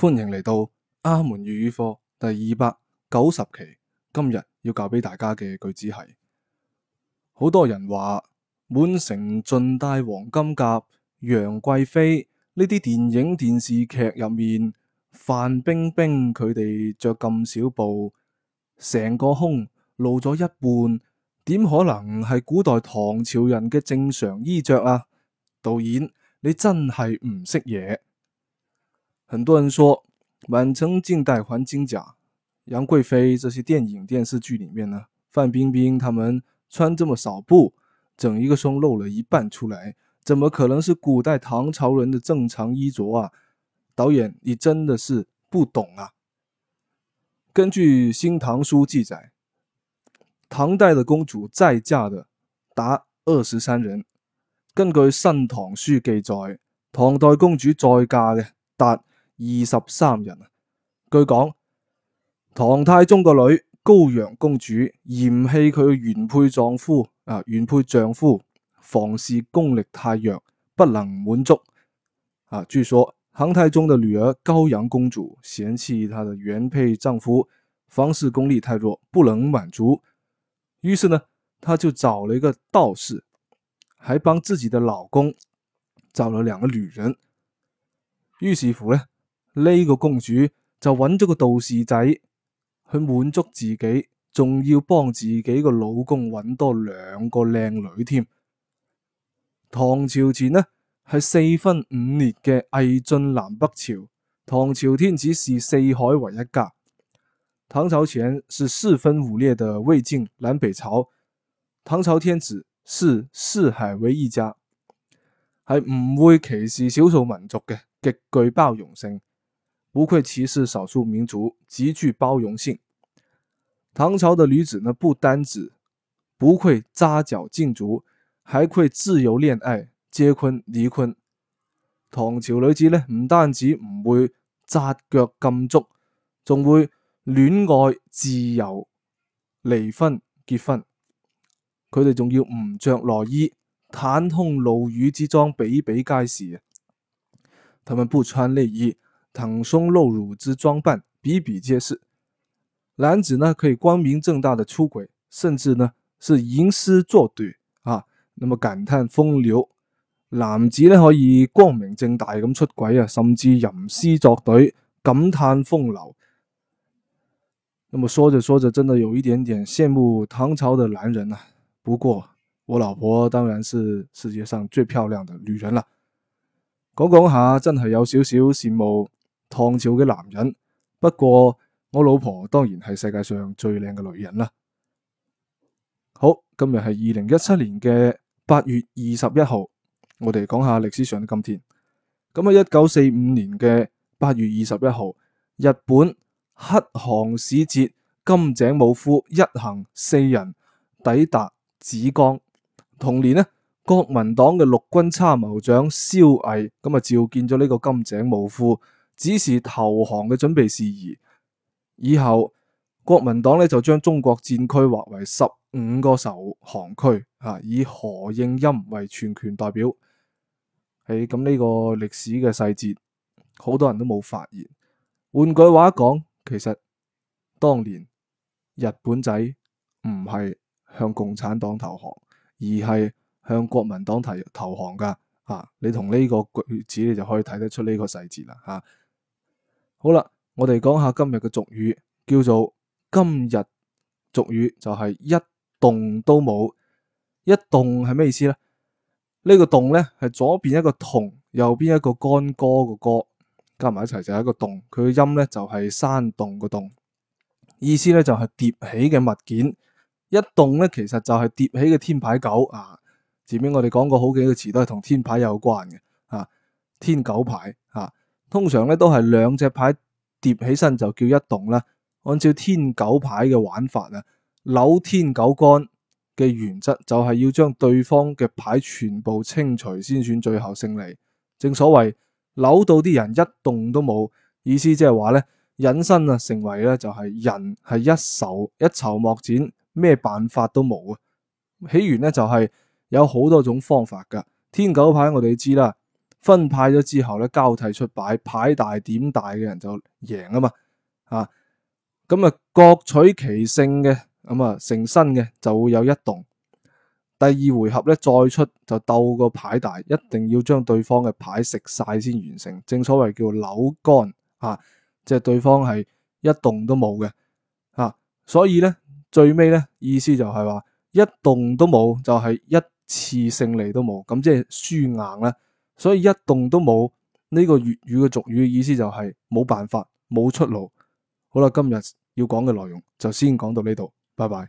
歡迎嚟到阿門粵語課第二百九十期。今日要教俾大家嘅句子係：好多人話滿城盡帶黃金甲、楊貴妃呢啲電影電視劇入面，范冰冰佢哋着咁少布，成個胸露咗一半，點可能係古代唐朝人嘅正常衣着啊？導演，你真係唔識嘢。很多人說滿城盡帶黃金甲，楊貴妃這些電影電視劇裏面呢，范冰冰他們穿這麼少布，整一個胸露了一半出來，怎麼可能是古代唐朝人的正常衣着啊？導演你真的是不懂啊。根據《新唐書》記載，唐代的公主再嫁的達二十三人。根據《新唐書》記載，唐代公主再嫁的達。二十三人，據講唐太宗個女高陽公主嫌棄佢原配丈夫啊，原配丈夫房事功力太弱，不能滿足啊。據說唐太宗嘅女兒高陽公主嫌棄她的原配丈夫，、啊配丈夫，啊、配丈夫房事功力太弱，不能滿足，於是呢，他就找了一個道士，還幫自己的老公找了兩個女人，於是乎呢。呢個公主就揾咗個道士仔去滿足自己，仲要幫自己個老公揾多兩個靚女添。唐朝前呢係四分五裂嘅魏晉南北朝，唐朝天子是四海為一家。唐朝前是四分五裂的魏晉南北朝，唐朝天子是四海為一家，係唔會歧視少數民族嘅，極具包容性。不愧歧視少數民族，極具包容性。唐朝嘅女，女子呢，不單止不愧紮腳禁足，還會自由戀愛、結婚、離婚。唐朝女子呢，唔單止唔會紮腳禁足，仲會戀愛自由、離婚結婚。佢哋仲要唔着內衣，袒胸露乳之裝比比皆是啊。他們不穿內衣。袒胸露乳之裝扮比比皆是，男子呢，可以光明正大的出軌，甚至呢是吟詩作對啊。那麼感嘆風流，男子呢，可以光明正大咁出軌啊，甚至吟詩作對，感嘆風流。那麼說着說着，真的，有一點點羨慕唐朝的男人啦，啊。不過我老婆當然是世界上最漂亮的女人啦。講講下真係有少少羨慕唐朝嘅男人，不過我老婆當然係世界上最靚嘅女人啦。好，今日係二零一七年嘅八月二十一號，我哋講下歷史上嘅今天。咁啊，一九四五年嘅八月二十一號，日本黑航使節、金井武夫一行四人抵達芷江。同年咧，國民黨嘅陸軍參謀長蕭毅咁啊召見咗呢個金井武夫。只是投降嘅準備事宜，以後國民黨咧就將中國戰區劃為十五個受降區，啊，以何應欽為全權代表。喺咁呢個歷史嘅細節，好多人都冇發現。換句話講，其實當年日本仔唔係向共產黨投降，而係向國民黨提投降噶。啊，你同呢個句子，你就可以睇得出呢個細節啦。啊！好啦，我哋講下今日嘅俗語，叫做今日俗語就係一戙都冇，一戙係咩意思咧？呢個戙咧係左邊一個同，右邊一個干戈嘅戈加埋一齊就係一個戙，佢嘅音咧就係山洞嘅洞，意思咧就係疊起嘅物件，一戙咧其實就係疊起嘅天九牌啊！前面我哋講過好幾個詞都係同天牌有關嘅啊，天九牌。通常咧都係兩隻牌疊起身就叫一戙啦。按照天九牌嘅玩法啊，扭天九杆嘅原則就係要將對方嘅牌全部清除先算最後勝利。正所謂扭到啲人一戙都冇，意思即係話咧隱身啊，成為咧就係人係一手一籌莫展，咩辦法都冇啊。起源咧就係有好多種方法噶。天九牌我哋知啦。分派咗之後咧，交替出牌，牌大點大嘅人就贏啊嘛，啊咁啊各取其勝嘅，咁啊成身嘅就會有一戙。第二回合咧再出就鬥個牌大，一定要將對方嘅牌食晒先完成，正所謂叫扭乾啊，即係對方係一戙都冇嘅啊，所以咧最尾咧意思就係話一戙都冇，就係、是、一次勝利都冇，咁即係輸硬啦。所以一戙都冇，呢個粵語嘅俗語嘅意思就係冇辦法，冇出路。好啦，今日要講嘅內容就先講到呢度，拜拜。